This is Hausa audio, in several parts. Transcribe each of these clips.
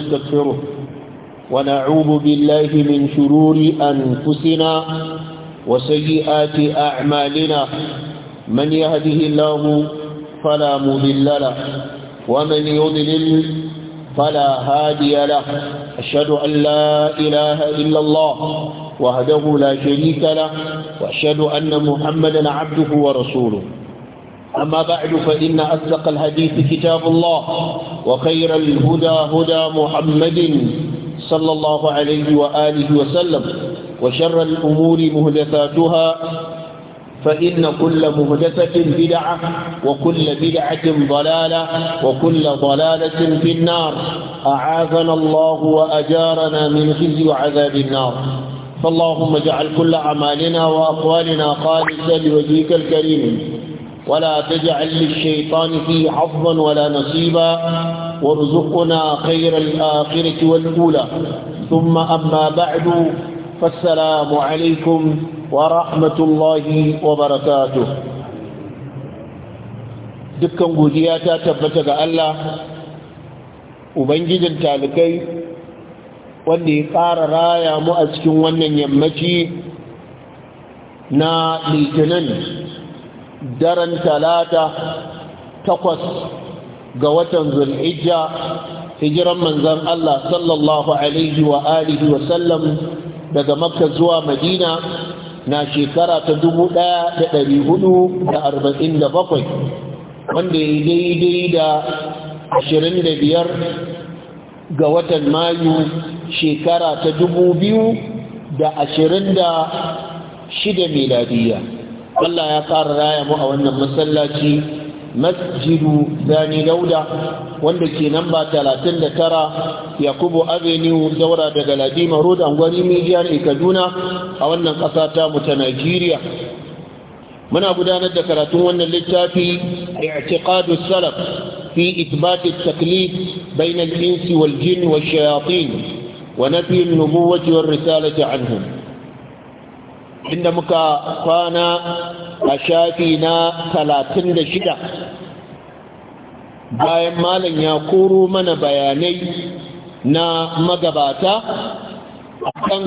نستغفره ونعوذ بالله من شرور أنفسنا وسيئات أعمالنا من يهده الله فلا مذل له ومن يضلل فلا هادي له أشهد أن لا إله إلا الله وهده لا شريك له وأشهد أن محمدا عبده ورسوله أما بعد فإن أصدق الحديث كتاب الله وخير الهدى هدى محمد صلى الله عليه وآله وسلم وشر الأمور مهدثاتها فإن كل مهدثة بدعة وكل بدعة ضلالة وكل ضلالة في النار أعاذنا الله وأجارنا من خزي وعذاب النار فاللهم اجعل كل أعمالنا وأقوالنا خالصة لوجهك الكريم ولا تجعل للشيطان فيه حظا ولا نصيبا وارزقنا خير الآخرة والأولى ثم أما بعد فالسلام عليكم ورحمة الله وبركاته dukkan godiya ta tabbata ga Allah ubangijin talibai wanda ya ƙara raya mu a cikin wannan yammaci na litinin daren talata takwas ga watan zulhijja hijiran manzan Allah sallallahu alaihi wa alihi wa sallam daga makka zuwa madina na shekara ta bakwai, wanda ya daidai da ashirin da biyar ga watan mayu shekara ta da ashirin shida miladiyya Allah ya ƙara raya mu a wannan masallaci masjidu zani lauda wanda ke namba Tara, yakubu avenue daura daga ladima road angwari mijiyar kaduna a wannan ƙasa ta mu ta nigeria muna gudanar da karatun wannan littafi i'tiqadu salaf fi ithbat at-taklif bayna al-insi wal-jinn wash-shayatin wa nafi an-nubuwwati war-risalati anhum inda muka kwana a shafi na talatin da shida bayan malam ya koro mana bayanai na magabata akan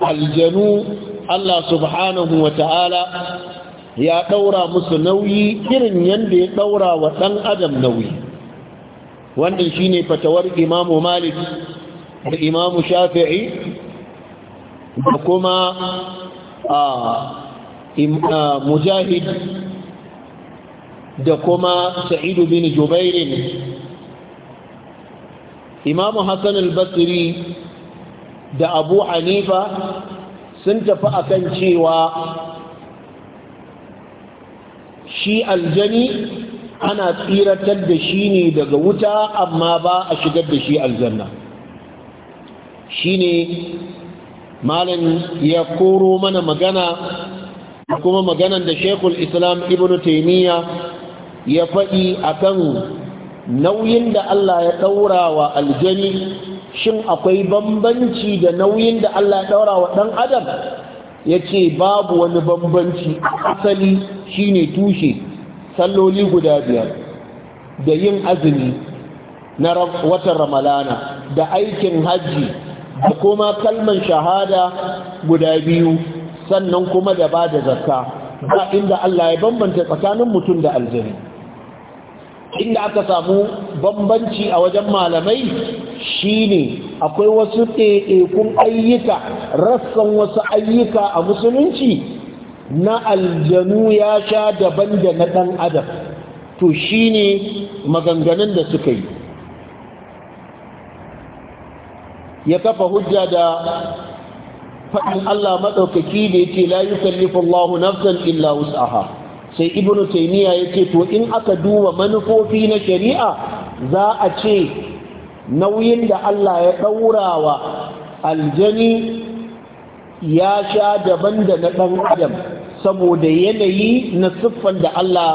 aljanu Allah subhanahu wa ta'ala ya ɗaura musu nauyi irin yadda ya ɗaura wa ɗan adam nauyi wannan shine fatawar imamu malik da imamu shafi'i da kuma mujahid da kuma sa'idu bin jubairin imamu hassan al-basri da abu hanifa sun tafi akan cewa shi aljani ana tsiratar da shi ne daga wuta amma ba a shigar da shi aljanna shi ne malam ya koro mana magana kuma maganan da shekul islam ibn taimiyya ya faɗi akan nauyin da Allah ya ɗaura wa aljani shin akwai bambanci da nauyin da Allah ya ɗaura wa ɗan adam ya ce babu wani bambanci asali shine tushe salloli guda biyar da yin azumi na watan ramalana da aikin hajji da kuma kalman shahada guda biyu sannan kuma da ba da zakka ba inda Allah ya bambanta tsakanin mutum da aljini inda aka samu bambanci a wajen malamai shine akwai wasu ɗaiɗaikun ayyuka rassan wasu ayyuka a musulunci na aljanu ya sha daban da na ɗan adam to shine maganganun da suka yi ya kafa hujja da faɗin Allah maɗaukaki da ya ce, yukallifu Allahu nafsan illa wus'aha sai ibn taymiya ce to in aka duba manufofi na shari'a za a ce nauyin da Allah ya ɗaurawa aljani ya sha daban da na ɗan adam saboda yanayi na siffan da Allah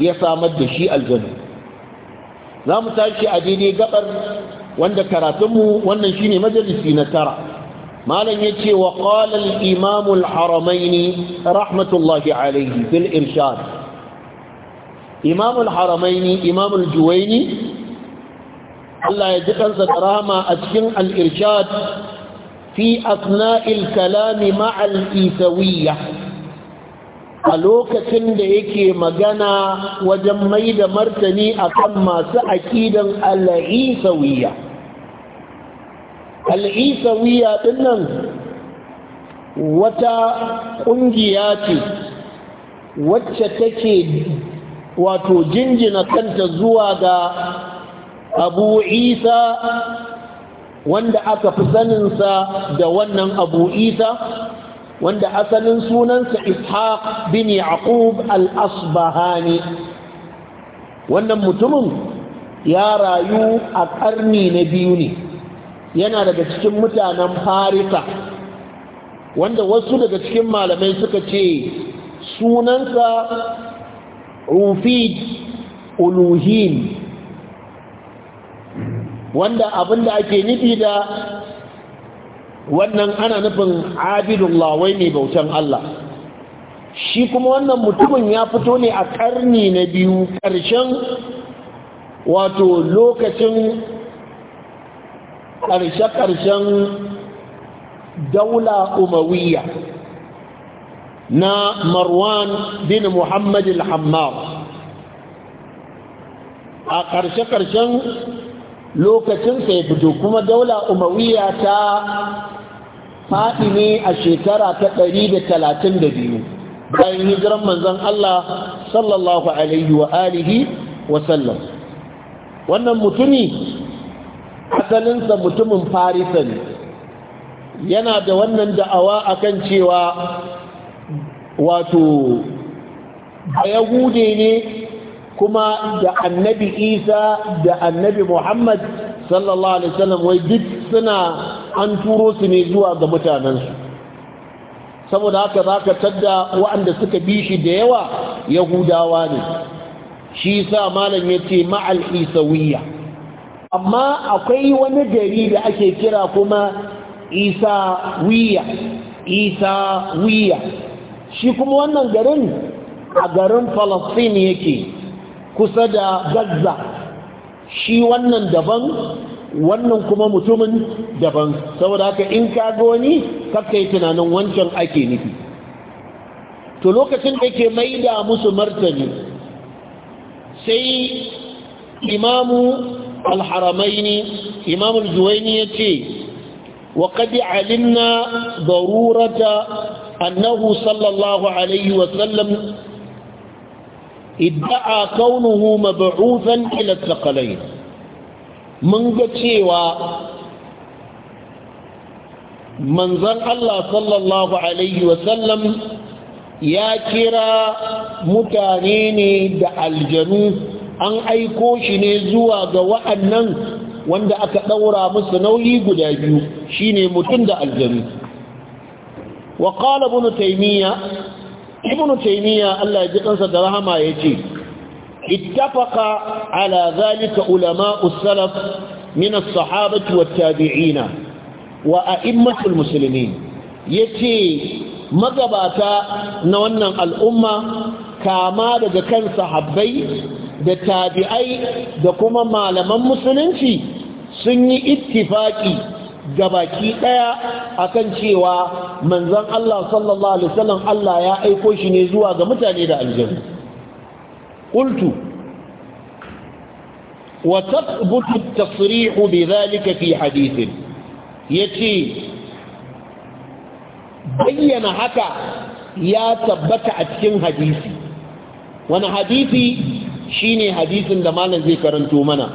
ya samar da shi aljanu za mu tashi a daidai gabar wanda karatunmu wannan shine majalisi na tara malam yace wa qala al imam al haramain rahmatullahi alayhi fil irshad imamul al haramain juwaini Allah ya ji kansa da rahama a cikin al'irshad fi asna'il kalami ma'a al a lokacin da yake magana wajen mai da martani akan masu aƙidan al al'isawiya ɗin nan wata ƙungiya ce wacce take wato jinjina kanta zuwa ga abu isa wanda aka fi saninsa da wannan abu isa wanda asalin sunansa ishaq bin yaqub al-asbahani wannan mutumin ya rayu a ƙarni na biyu ne yana daga cikin mutanen farisa wanda wasu daga cikin malamai suka ce sunansa rufid uluhin wanda abinda ake nufi da wannan ana nufin abidun wai ne bautan Allah shi kuma wannan mutumin ya fito ne a karni na biyu ƙarshen wato lokacin ƙarshe-ƙarshen daula umawiya na marwan bin muhammad al-hammar a ƙarshe-ƙarshen lokacinsa ya fito kuma daula umawiya ta faɗi ne a shekara ta ɗari da da biyu, bayan hijiran manzon Allah sallallahu alaihi wa alihi wa sallam wannan mutumi asalinsa mutumin farisa ne yana da wannan da'awa akan cewa wato yahude ne kuma da annabi isa da annabi muhammad sallallahu alaihi wasallam wai duk suna an turo su ne zuwa ga mutanensu saboda haka za ka tadda wa'anda suka bi shi da yawa yahudawa ne shi sa malam ya ce ma'al isawiyya amma akwai wani gari da ake kira kuma isa wiya isa wiya shi kuma wannan garin a garin falastin yake kusa da gaza shi wannan daban wannan kuma mutumin daban saboda haka in ka goni kakai tunanin wancan ake nufi to lokacin da ke maida musu martani sai imamu alharamaini imamu zuwaini ya ce wa kadi alimna zarurata annahu sallallahu alaihi wasallam idda'a kaunuhu mabu'uzan ila taqalain mun ga cewa manzan Allah sallallahu alaihi wasallam ya kira mutane ne da aljanu an aiko shi ne zuwa ga wa'annan wanda aka ɗaura musu nauyi guda biyu shine mutum da aljanu wa qala ibn taymiya ibn Allah ya ji kansa da rahama yace ittafaqa ala zalika ulama as-salaf min as-sahabati wat-tabi'ina wa a'immatul muslimin yace magabata na wannan al'umma kama daga kan sahabbai da tabi'ai da kuma malaman musulunci sun yi ittifaki baki daya akan cewa manzon Allah sallallahu alaihi wasallam Allah ya aiko shi ne zuwa ga mutane da aljanna qultu wa tathbutu at-tasrih bidhalika fi hadithin yace bayyana haka ya tabbata a cikin hadisi wani hadisi shine hadisin da malam zai karanto mana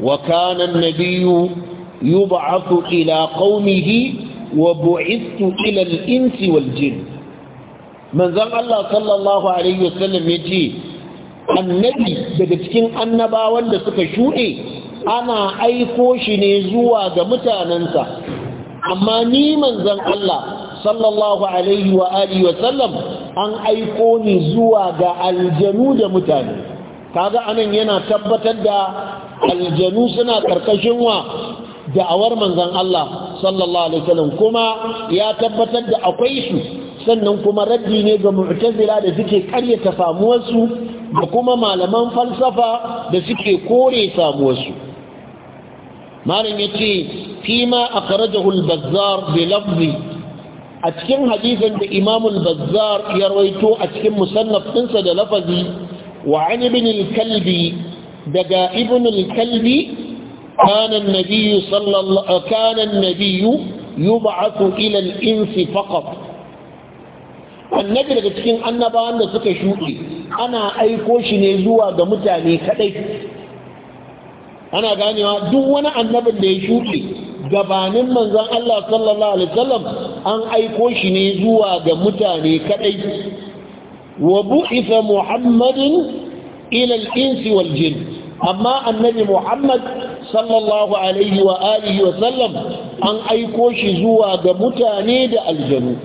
wa kana nabiyyu yub'athu ila qaumihi wa bu'ithu ila al-insi wal-jinn manzon Allah sallallahu alaihi wasallam yace annabi daga cikin annabawan da suka shuɗe ana aiko shi ne zuwa ga mutanensa amma ni manzon Allah sallallahu alaihi wa alihi wasallam an aiko ni zuwa ga aljanu da mutane kaga anan yana tabbatar da aljanu suna karkashin wa da'awar manzan Allah sallallahu alaihi wasallam kuma ya tabbatar da akwai su sannan kuma raddi ne ga mu'tazila da suke karyata samuwar su da kuma malaman falsafa da suke kore samuwar su malam yace fima akhrajahu al-bazzar bi lafzi a cikin hadisin da imamul bazzar ya rawaito a cikin musannaf ɗinsa da lafazi وعن ابن الكلب دقا ابن الكلب كان النبي صلى الله كان النبي يبعث إلى الإنس فقط annabi daga cikin annabawan da suka shuɗe ana aiko shi ne zuwa ga mutane kaɗai ana ganewa duk wani annabin da ya shuɗe gabanin manzon Allah sallallahu alaihi wasallam an aiko shi ne zuwa ga mutane kaɗai وبعث محمد إلى الإنس والجن أما النبي محمد صلى الله عليه وآله وسلم أن أيكوش زواج متانيد الجن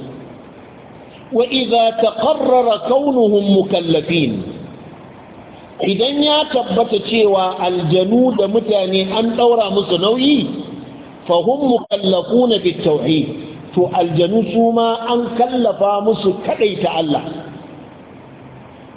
وإذا تقرر كونهم مكلفين idan ya tabbata cewa aljanu da mutane an ɗaura musu nauyi fahim mukallafuna bit tauhid to aljanu suma an kallafa musu kadaita Allah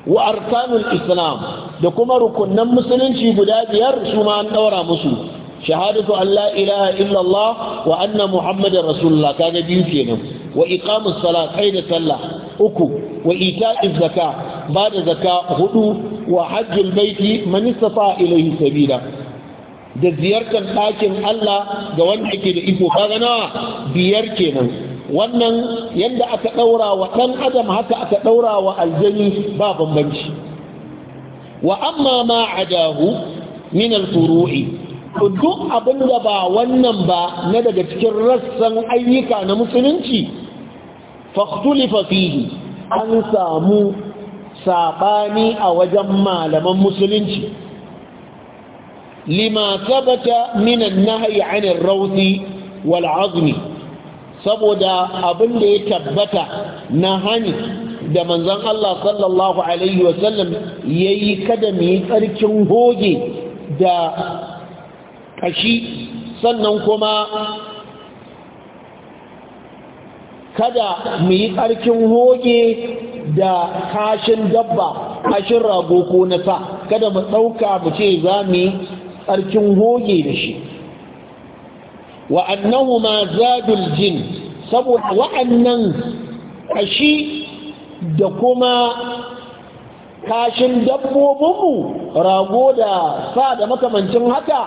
wa arkanul islam da kuma rukunan musulunci guda biyar su ma an daura musu shahadatu an la ilaha illallah wa anna muhammadar rasulullah kaga biyu kenan wa iqamus salat da sallah uku wa ita'iz ba da zaka hudu wa hajjul baiti man istata ilayhi sabila da ziyartar ɗakin Allah ga wanda ke da iko kaga nawa biyar kenan wannan yadda aka ɗaura wa ɗan adam haka aka ɗaura wa aljani ba bambanci wa amma ma adahu min furu'i duk abin da ba wannan ba na daga cikin rassan ayyuka na musulunci faktulifa fihi an samu saɓani a wajen malaman musulunci lima sabata minan nahayi anir rauti wal azmi saboda abin da ya tabbata na hani da manzon Allah sallallahu alaihi wasallam yayi kada mu yi tsarkin goge da ƙashi sannan kuma kada mu yi tsarkin hoge da kashin dabba kashin rago ko na sa kada mu ɗauka mu ce za mu yi tsarkin hoge da shi wa ma zadul jin saboda wa'annan kashi da kuma kashin dabbobinmu rago da sa da makamancin haka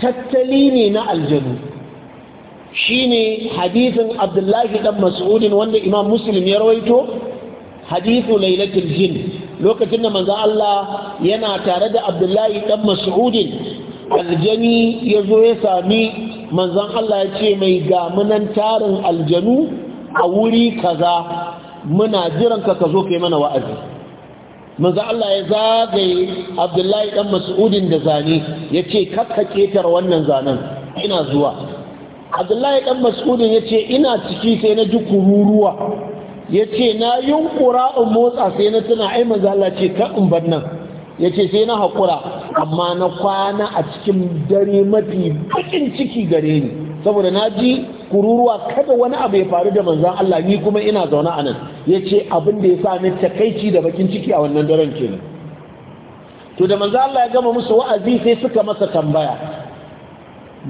tattali ne na aljanu shine hadisin abdullahi dan mas'udin wanda imam muslim ya rawaito hadithu lailatul jin lokacin da manzo Allah yana tare da abdullahi dan mas'udin aljani ya zo ya sami manzan Allah ya ce mai gamunan tarin aljanu a wuri kaza muna jiranka ka zo kai mana wa'azi manzan Allah ya zagaye abdullahi dan mas'udin da zane ya ce kakka ketar wannan zanen ina zuwa abdullahi dan mas'udin ya ce ina ciki sai na ji kururuwa ya ce na yunkura in motsa sai na tuna ai manzan Allah ce ka in bar nan ya ce sai na haƙura amma na kwana a cikin dare mafi bakin ciki gare ni saboda na ji kururuwa kada wani abu ya faru da manzan Allah ni kuma ina zaune a nan ya ce abin da ya sa ni takaici da bakin ciki a wannan daren kenan to da manzan Allah ya gama musu wa'azi sai suka masa tambaya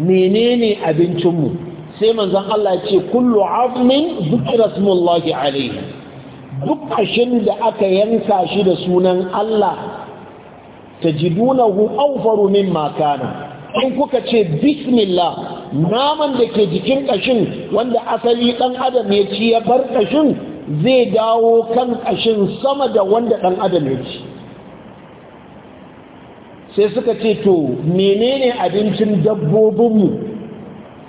menene abincinmu sai manzan Allah ya ce kullu azmin zikra smullahi alaihi duk kashin da aka yanka shi da sunan Allah tajidunahu awfaru mimma kana in kuka ce bismillah naman da ke jikin kashin wanda asali dan adam ya ci ya bar kashin zai dawo kan kashin sama da wanda dan adam ya ci sai suka ce to menene abincin dabbobinmu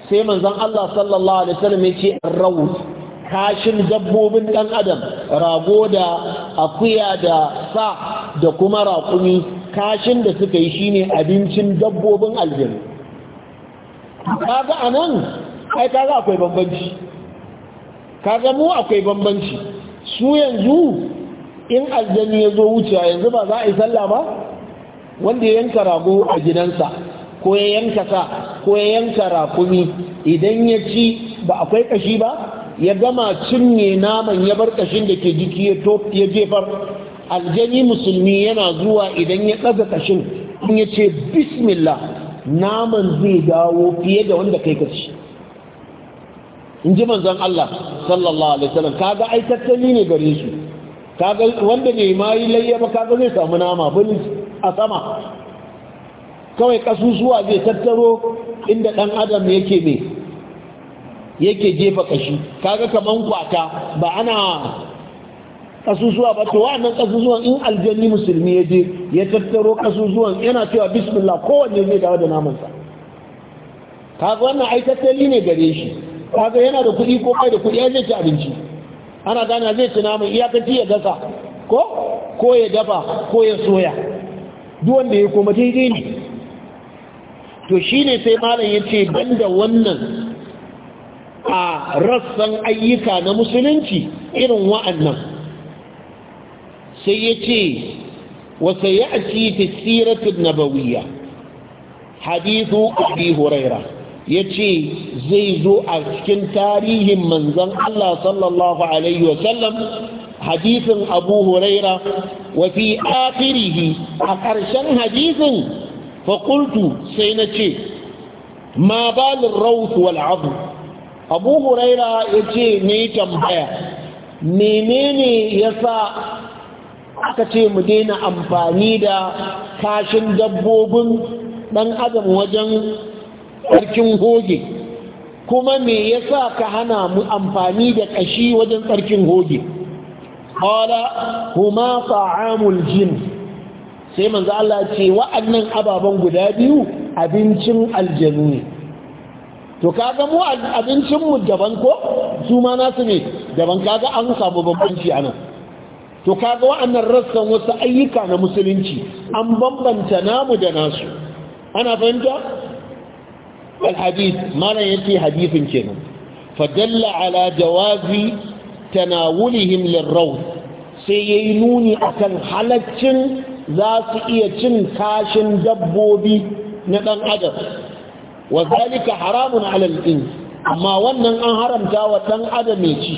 sai manzon Allah sallallahu alaihi wasallam ya ce kashin dabbobin dan adam rago da akuya da sa da kuma raƙumi kashin da suka yi shine abincin dabbobin aljanu kaga anan ai kaga akwai bambanci kaga mu akwai bambanci su yanzu in aljanu ya zo wucewa yanzu ba za a yi sallah ba wanda ya yanka rago a gidansa ko ya yanka sa ko ya yanka rakumi idan ya ci ba akwai kashi ba ya gama cinye naman ya bar kashin da ke jiki ya jefar aljani musulmi yana zuwa idan ya ɗaga kashin in ya ce bismillah naman zai dawo fiye da wanda kai kashi in ji manzan Allah sallallahu alaihi wasallam kaga ai tattali ne gare su kaga wanda ne ma layya ba kaga zai samu nama bin a sama kawai kasusuwa zai tattaro inda dan adam yake yake jefa kashi kaga kaman kwata ba ana kasusuwa ba to wannan kasusuwan in aljanni musulmi ya je ya tattaro kasusuwan yana cewa bismillah kowanne zai dawo da namansa kaga wannan ai tattali ne gare shi kaga yana da kuɗi ko kai da kuɗi ai zai ci abinci ana gana zai ci naman iyakaci ya gasa ko ko ya dafa ko ya soya duk wanda ya koma daidai ne to shine sai malam ya dan banda wannan a rassan ayyuka na musulunci irin wa'annan sai ya ce wasa ya ci fi siratun nabawiyya hadithu abi huraira ya ce zai zo a cikin tarihin manzan Allah sallallahu alaihi wasallam hadithin abu huraira wa fi a ƙarshen hadithin Fakultu sai na ce ma balin rautu wal'abu abu huraira ya ce ne tambaya menene ya sa aka ce mu daina amfani da kashin dabbobin ɗan adam wajen tsarkin hoge kuma me yasa ka hana mu amfani da ƙashi wajen tsarkin hoge qala huma ta'amul jin sai manzo Allah ce wa'annan ababen guda biyu abincin aljanu ne to kaga mu abincinmu daban ko su ma nasu ne daban kaga an samu bambanci nan. to kaga wa'annan rassan wasu ayyuka na musulunci an bambanta namu da nasu ana fahimta alhadith malam yace hadithin kenan fadalla ala jawazi tanawulihim lirrawd sai yayi nuni akan halaccin za su iya cin kashin dabbobi na dan adam wa zalika haramun ala al-ins amma wannan an haramta wa dan adam ne ci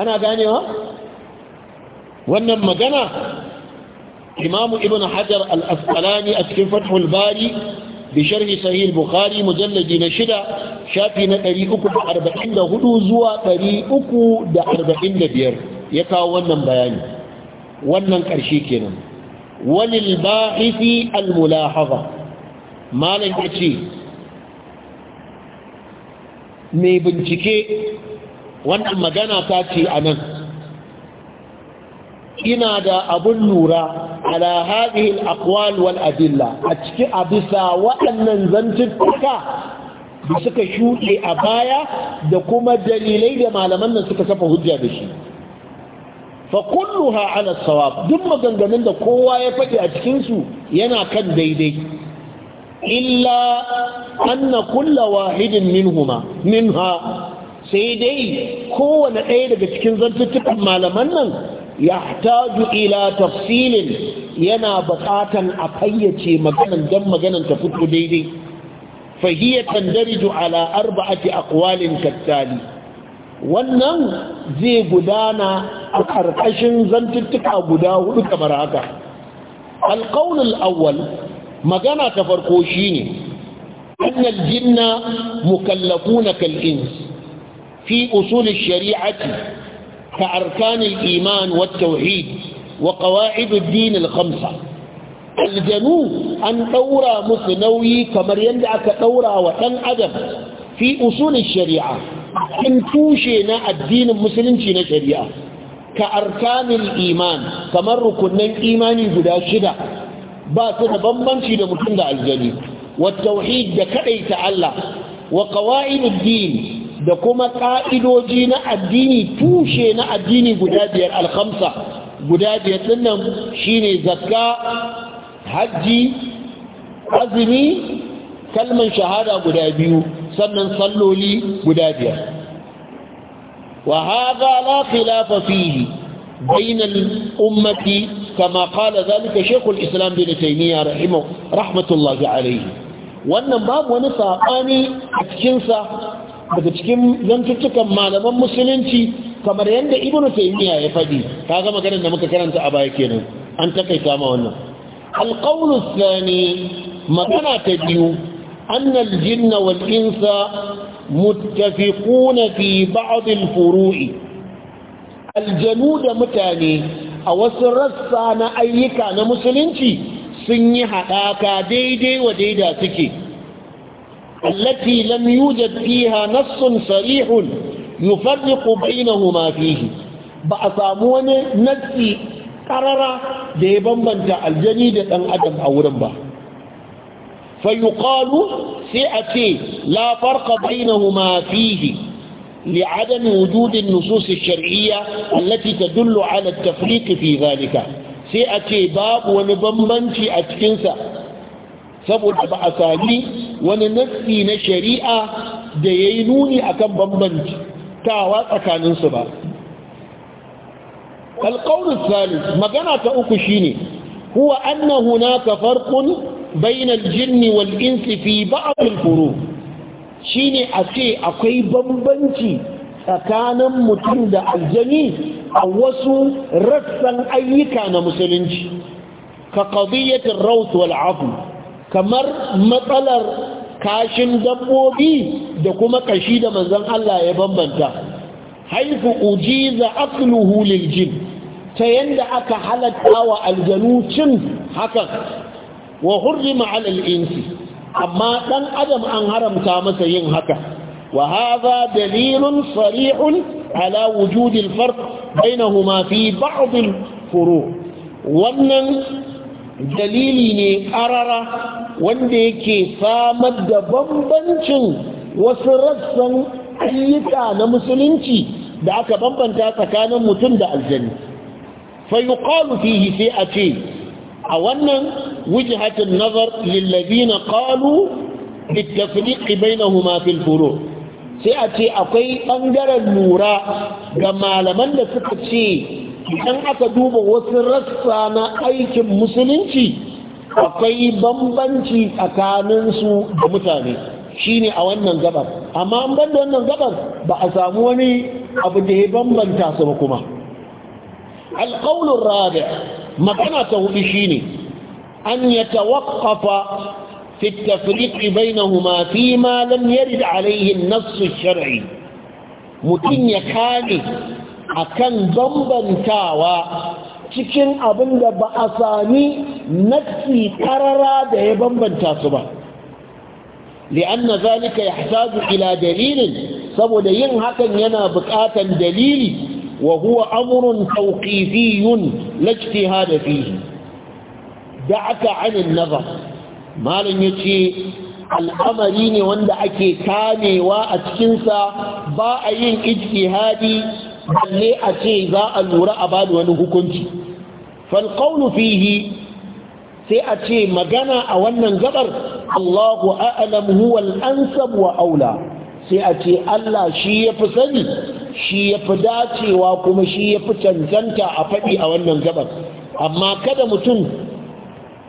ana ganewa wannan magana imamu ibn hajar al-asqalani a cikin fathul bari bi sharhi sahih bukhari mujalladi na shida shafi na 344 zuwa 345 ya kawo wannan bayani wannan karshe kenan walil bahisi al-mulahaza malam yace mai bincike wannan magana ta ce anan ina da abun lura ala hadhihi al-aqwal wal adilla a cikin abisa waɗannan zantuttuka da suka shuɗe a baya da kuma dalilai da malaman nan suka kafa hujja da shi fa kulluha ala sawab duk maganganun da kowa ya faɗi a cikinsu yana kan daidai illa anna kulla wahidin minhuma minha sai dai kowane ɗaya daga cikin zantuttukan malaman nan yahtaju ila tafsilin yana buƙatan a fayyace maganan dan maganan ta fito daidai fahiya tandariju ala a aqwalin kattali wannan zai gudana a ƙarƙashin zantuttuka guda hudu kamar haka القول الأول مجانا تفرقوشيني أن الجن مكلفون كالإنس في shari'a ce. كأركان الإيمان والتوحيد وقواعد الدين الخمسة الجنوب أن تورى مثنوي كما يندعك تورى وتن أدب في أصول الشريعة أن توشينا الدين المسلم شنا شريعة كأركان الإيمان كما ركنا الإيمان قدا شدا باسنا بمبن شدا متندع الجنوب والتوحيد دكأي تعالى وقواعد الدين da kuma ƙa'idoji na addini tushe na addini guda biyar alhamsa guda biyar shi shine zakka hajji azumi kalman shahada guda biyu sannan salloli guda biyar wa haga la khilafa bainal ummati kama qala zalika shaykhul islam bin taymiya rahimahu rahmatullahi alayhi wannan babu wani saɓani a cikinsa. daga cikin zantuttukan malaman musulunci kamar yadda ibnu taymiya ya faɗi ga maganar da muka karanta a baya kenan an takaita ma wannan alqawlu thani magana ta biyu anna aljinna wal insa muttafiquna fi ba'd furu'i. aljanu da mutane a wasu rassa na ayyuka na musulunci sun yi haɗaka daidai wa daida suke التي لم يوجد فيها نص صريح يفرق بينهما فيه بأسامون نفسي قرر ديبان جاء الجنيدة أن أدم أو با فيقال سئتي لا فرق بينهما فيه لعدم وجود النصوص الشرعية التي تدل على التفريق في ذلك سئتي باب ونبنبنتي أتكنسا سبب أسامي wani nassi na shari'a da ya yi nuni a kan bambantawa tsakaninsu ba alƙaunin salis magana ta uku shine huwa anna hunaka farqun bainar jinni wal insi fi a al shine a ce akwai bambanci tsakanin mutum da aljani a wasu rassan ayyuka na musulunci ka qadiyatir rawt wal afu kamar matsalar kashin dabbobi da kuma kashi da manzon Allah ya bambanta haifu ujiza akluhu lil ta yanda aka halatta wa aljanu cin hakan wa hurrima alal insi amma dan adam an haramta masa yin haka wa hadha dalilun sarihun ala wujudi alfarq bainahuma fi ba'd alfuru' wannan dalili ne ƙarara. wanda yake samar da bambancin wasu rassan ayyuka na musulunci da aka bambanta tsakanin mutum da aljani fa yuqalu fihi sai a ce a wannan wujhatun nazar lil ladina qalu bitafriq na humafin furu sai a ce akwai ɓangaren lura ga malaman da suka ce idan aka duba wasu rassa na aikin musulunci akwai bambanci tsakaninsu da mutane shine a wannan gabar amma an banda wannan gabar ba a samu wani abu da ya bambanta su ba kuma alƙaunin rabi magana ta hudu shine an ya na في التفريق بينهما da alaihin nasu عليه mutum ya متين a akan bambantawa cikin abin da ba a sami nassi karara da ya bambanta su ba li'anna zalika yahtaju ila dalilin saboda yin hakan yana buƙatan dalili wa huwa amrun tawqifiyun la ijtihada fiye. da'aka 'an an-nazar ya yace al'amari ne wanda ake kamewa a cikinsa ba a yin ijtihadi balle a ce za a lura a ba da wani hukunci falkaunu fihi sai a ce magana a wannan gabar allahu a'alam huwal ansab wa aula sai a ce allah shi ya fi sani shi ya fi dacewa kuma shi ya fi cancanta a faɗi a wannan gabar amma kada mutum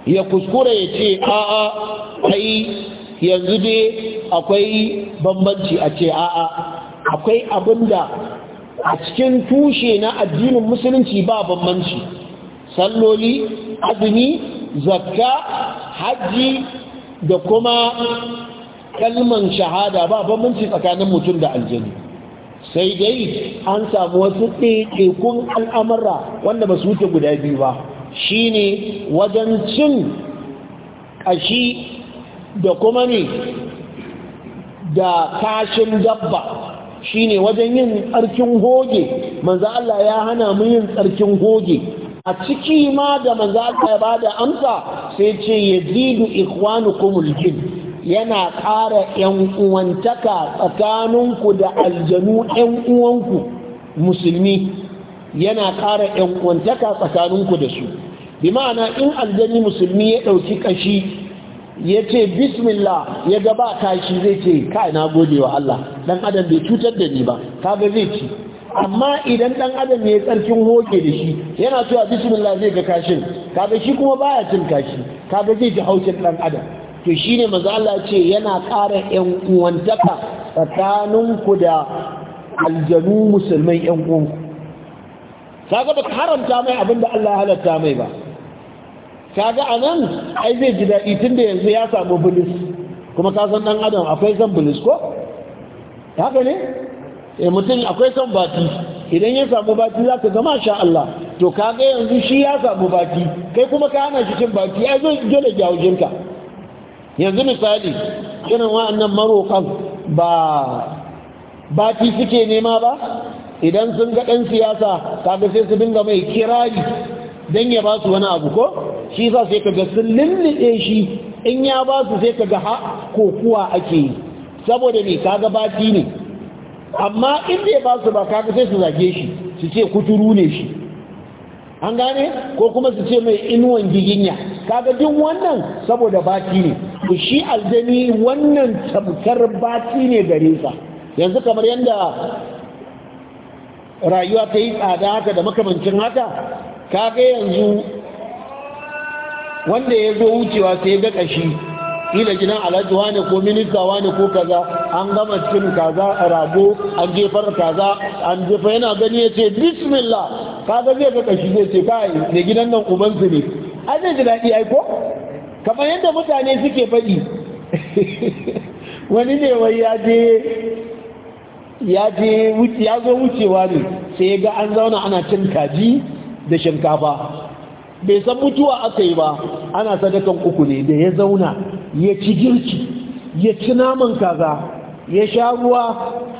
ya kuskura ya ce a'a ai yanzu dai akwai bambanci a ce a'a akwai abin da a cikin tushe na addinin musulunci ba bambanci salloli azumi zakka hajji da kuma kalman shahada ba bambanci tsakanin mutum da aljanu sai dai an samu wasu ɗaiɗaikun al'amura wanda ba su wuce guda biyu ba shine wajen cin ƙashi da kuma ne da kashin dabba shine wajen yin tsarkin goge manzo Allah ya hana mu yin tsarkin goge. a ciki ma da manzo Allah ya bada amsa sai ce yazidu ikhwanukumul jin yana ƙara yan uwantaka tsakaninku da aljanu yan uwanku musulmi yana ƙara yan uwantaka tsakaninku da su bi ma'ana in aljani musulmi ya ɗauki ƙashi. ya ce bismillah ya gaba kashi zai ce kai na gode wa Allah dan adam bai cutar da ni ba kaga zai ci amma idan dan adam ya tsarkin hoke da shi yana cewa bismillah zai ga kashin kaga shi kuma baya cin kashi kaga zai ji haushin dan adam to shine manzo Allah ce yana ƙara yan uwantaka tsakaninku da aljanu musulmai yan uwanku kaga baka haramta mai abinda Allah ya halatta mai ba kaga a nan ai zai ji daɗi tun da yanzu ya samu bilis kuma ka san ɗan adam akwai son bilis ko haka ne e mutum akwai son baki idan ya samu baki za ka gama sha Allah to kaga yanzu shi ya samu baki kai kuma ka hana shi cin baki ai zai da jawujinka yanzu misali irin wa'annan marokan ba baki suke nema ba idan sun ga ɗan siyasa kaga sai su dinga mai kirari don ya ba su wani abu ko shi za su yi kaga sun lullube shi in ya ba su sai kaga ha kuwa ake yi saboda ne kaga ti ne amma in bai ba su ba kaga sai su zage shi su ce kuturu ne shi an gane ko kuma su ce mai inuwan giginya kaga duk wannan saboda ti ne to shi aljani wannan tamkar ti ne gare sa yanzu kamar yanda rayuwa ta yi tsada haka da makamancin haka kaga yanzu wanda ya zo wucewa sai ya ga kashi ila gidan alhaji wane ko minista wane ko kaza an gama cin kaza a rago an jefar kaza an jefa yana gani ya ce bismillah kaga zai ga kashi zai ce kai ne gidan nan ubansu ne An zai ji daɗi ai ko kamar yadda mutane suke faɗi wani ne wai ya je ya je ya zo wucewa ne sai ya ga an zauna ana cin kaji da shinkafa bai san mutuwa aka yi ba ana sadakan uku ne da ya zauna ya ci girki ya ci naman kaza ya sha ruwa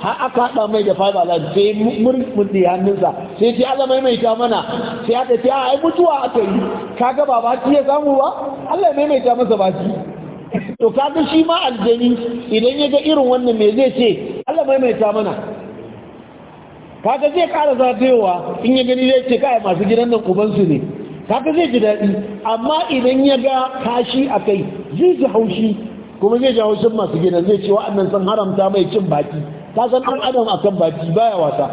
har aka haɗa mai da five alarm sai murmurdi hannunsa sai ce Allah maimaita mana sai aka ce ai mutuwa aka yi kaga ba baki ya samu ba Allah maimaita masa baki to kaga shi ma aljani idan ya ga irin wannan me zai ce Allah maimaita mana kaga zai kara zagayowa in ya gani zai ce kai masu gidan nan ubansu ne kaga zai ji daɗi amma idan ya ga kashi a kai zai ji haushi kuma zai ji haushin masu gidan zai ce wa'annan sun haramta mai cin baki ta san ɗan adam akan baki baya wasa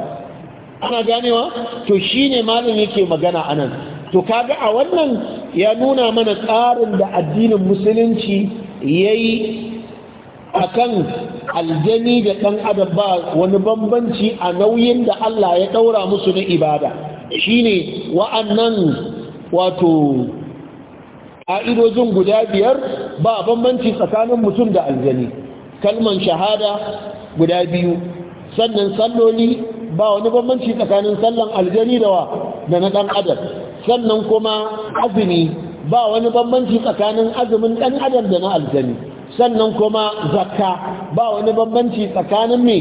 ana ganewa to ne malam yake magana anan to kaga a wannan ya nuna mana tsarin da addinin musulunci ya yi. akan aljani da ɗan adam ba wani bambanci a nauyin da Allah ya ɗaura musu na ibada shine wa'annan wato ƙa'idojin guda biyar ba bambanci tsakanin mutum da aljani kalman shahada guda biyu sannan salloli ba wani bambanci tsakanin sallan aljani da wa da na ɗan adam sannan kuma azumi ba wani bambanci tsakanin azumin ɗan adam da na aljani sannan kuma zakka ba wani bambanci tsakanin mai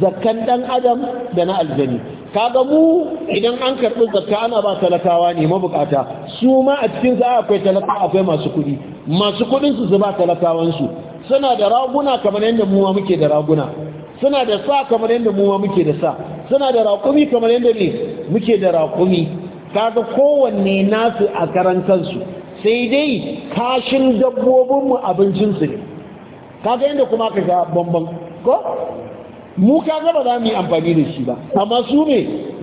zakkan dan adam da na aljani kaga mu idan an karɓi zakka ana ba talakawa ne mabukata su ma a cikin za akwai talaka akwai masu kuɗi masu kuɗin su su ba talakawansu suna da raguna kamar yadda mu ma muke da raguna suna da sa kamar yadda mu ma muke da sa suna da raƙumi kamar yadda ne muke da raƙumi kaga kowanne nasu a karan kansu sai dai kashin dabbobinmu abincinsu ne kaga inda kuma ka ga bambam ko mu kaga ba za mu yi amfani da shi ba amma su ne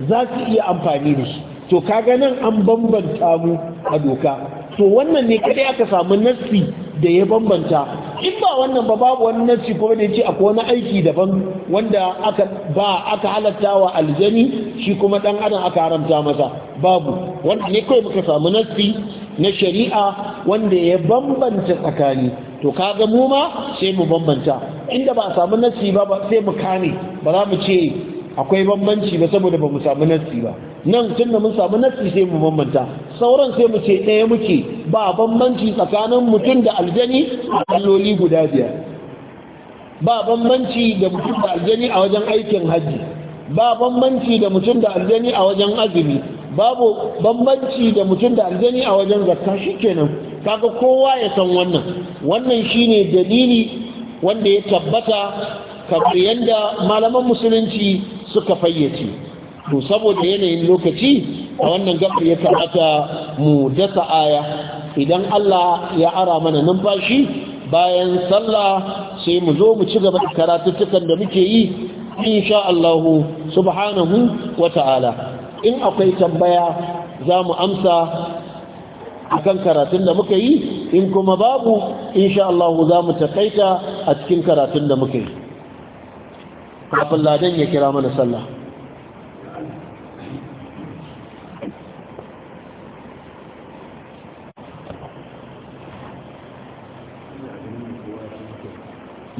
za su iya amfani da shi to kaga nan an bambanta mu a doka to wannan ne kadai aka samu nassi da ya bambanta in ba wannan ba babu wani nasi ko ne ce akwai wani aiki daban wanda aka ba aka halatta wa aljani shi kuma dan adam aka haramta masa babu wanda ne kai muka samu nasi na shari'a wanda ya bambanta tsakani to kaga mu ma sai mu bambanta inda ba samu nasi ba sai mu kame ba za mu ce akwai bambanci ba saboda ba mu samu nassi ba nan tun da mun samu nassi sai mu bambanta sauran sai mu ce ɗaya muke ba bambanci tsakanin mutum da aljani a alloli guda biyar ba bambanci da mutum da aljani a wajen aikin hajji ba bambanci da mutum da aljani a wajen azumi babu bambanci da mutum da aljani a wajen zakka shikenan kaga kowa ya san wannan wannan shine dalili wanda ya tabbata kamar yadda malaman musulunci suka fayyace to saboda yanayin lokaci a wannan gabar ya kamata mu dasa aya idan Allah ya ara mana numfashi bayan sallah sai mu zo mu ci gaba da karatuttukan da muke yi insha Allah subhanahu wa in akwai tambaya za mu amsa akan karatun da muka yi in kuma babu insha Allah za mu takaita a cikin karatun da muka yi kafin ladan ya kira mana sallah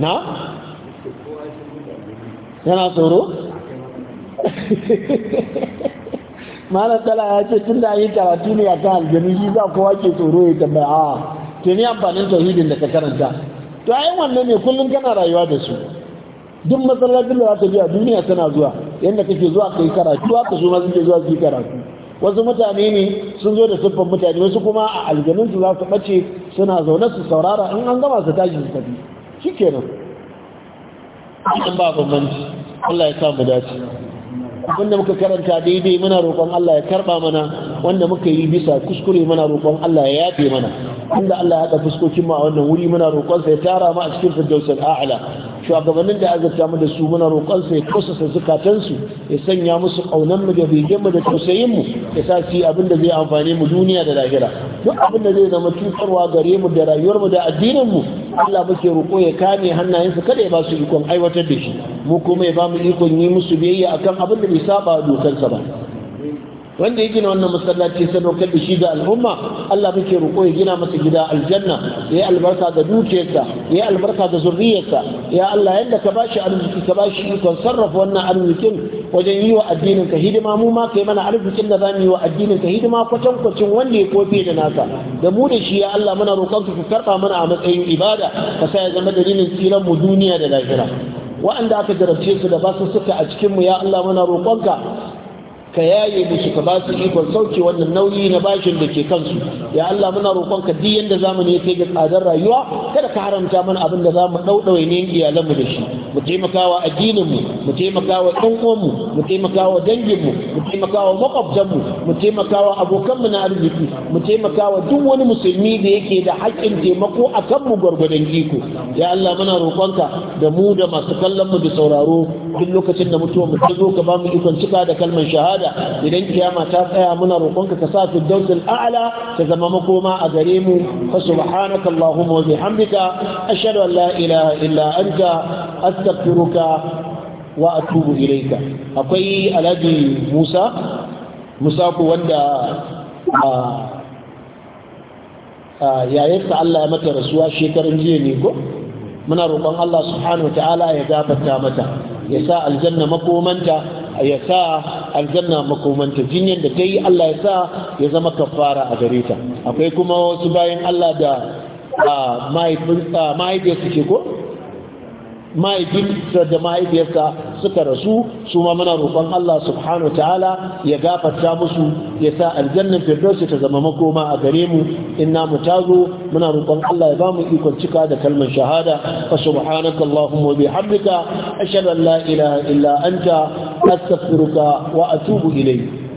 na? yana tsoro? malar tala ya ce tun da yi karatu ne a kan aljami shi za kowa ke tsoro ya tambaya a ah, ke amfanin tauhidin da ka karanta to yi wannan ne kullum kana rayuwa da su duk masallacin da za ta biya duniya tana zuwa yadda kake zuwa kai karatu haka su suke zuwa su karatu wasu mutane ne sun zo da siffan mutane wasu kuma a aljanun su za su ɓace suna zaune su saurara in an gama su tashi su tafi nan In ba bambanci Allah ya sa mu dace abinda muka karanta daidai muna roƙon Allah ya karba mana wanda muka yi bisa kuskure muna roƙon Allah ya yafe mana inda Allah ya haɗa fuskokin mu a wannan wuri muna roƙon ya tara mu a cikin firdausul a'la shugabannin da aka mu da su muna roƙon sa ya kusa zukatan su ya sanya musu kaunan mu da bege da tausayinmu mu ya sa su abin da zai amfani mu duniya da lahira duk abin da zai zama tutarwa gare mu da rayuwarmu da addinin mu Allah muke roƙo ya kame hannayensu kada ya ba su ikon aiwatar da shi mu kuma ya ba mu ikon yi musu biyayya akan abin da bai saba dokarsa ba wanda ya gina wannan masallaci sadaukar da shi ga al'umma Allah muke roƙo ya gina masa gida aljanna ya yi albarka ga dukiyarsa ya yi albarka ga zurriyarsa ya Allah yadda ka bashi arziki ka bashi ikon sarrafa wannan arzikin wajen yi wa addinin ka hidima mu ma kai mana arzikin da zamu yi wa addinin ka hidima kwatan kwacin wanda ya kofi da nasa da mu da shi ya Allah muna roƙon ka karɓa mana a matsayin ibada ka sa ya zama dalilin tsiran mu duniya da lahira wa'anda aka jarabce su da basu suka a cikinmu ya Allah muna roƙonka ka yaye musu ka ba su ikon sauke wannan nauyi na bashin da ke kansu ya Allah muna roƙon ka duk yanda zamani ya kai ga tsadar rayuwa kada ka haramta mana abin da zamu daudaye ne iyalan mu da shi mu taimakawa addinin mu mu taimakawa ɗan uwan mu mu taimakawa dangin mu mu taimakawa makwabtan mu mu taimakawa abokan mu na arziki mu taimakawa duk wani musulmi da yake da haƙƙin taimako akan mu gwargwadon iko ya Allah muna roƙonka da mu da masu kallon mu da sauraro duk lokacin da mutuwa mu ta zo ka ba mu ikon cika da kalmar shahada idan kiyama ta tsaya muna roƙonka ka sa firdausul a'la ta zama makoma a gare mu fa subhanaka allahumma wa bihamdika ashhadu an la ilaha illa anta astaghfiruka wa atubu ilayka akwai alhaji musa musa ku wanda yayarsa Allah ya mata rasuwa shekarun jiya ne ko muna roƙon Allah subhanahu wa ta'ala ya gafarta mata ya sa aljanna makomanta ya sa aljanna makomanta jinyar da ta yi Allah ya sa ya zama kafara a gare ta akwai kuma wasu bayan Allah da ah, ah, mahaifiyarsu ke ko mahaifinsa da mahaifiyarsa suka rasu su ma muna roƙon Allah subhanahu wa ta'ala ya gafarta musu ya sa aljannan firdausi ta zama makoma a gare mu inna mu tazo muna roƙon Allah ya bamu ikon cika da kalmar shahada fa subhanaka allahumma wa bihamdika ashhadu an la ilaha illa anta astaghfiruka wa atubu ilayk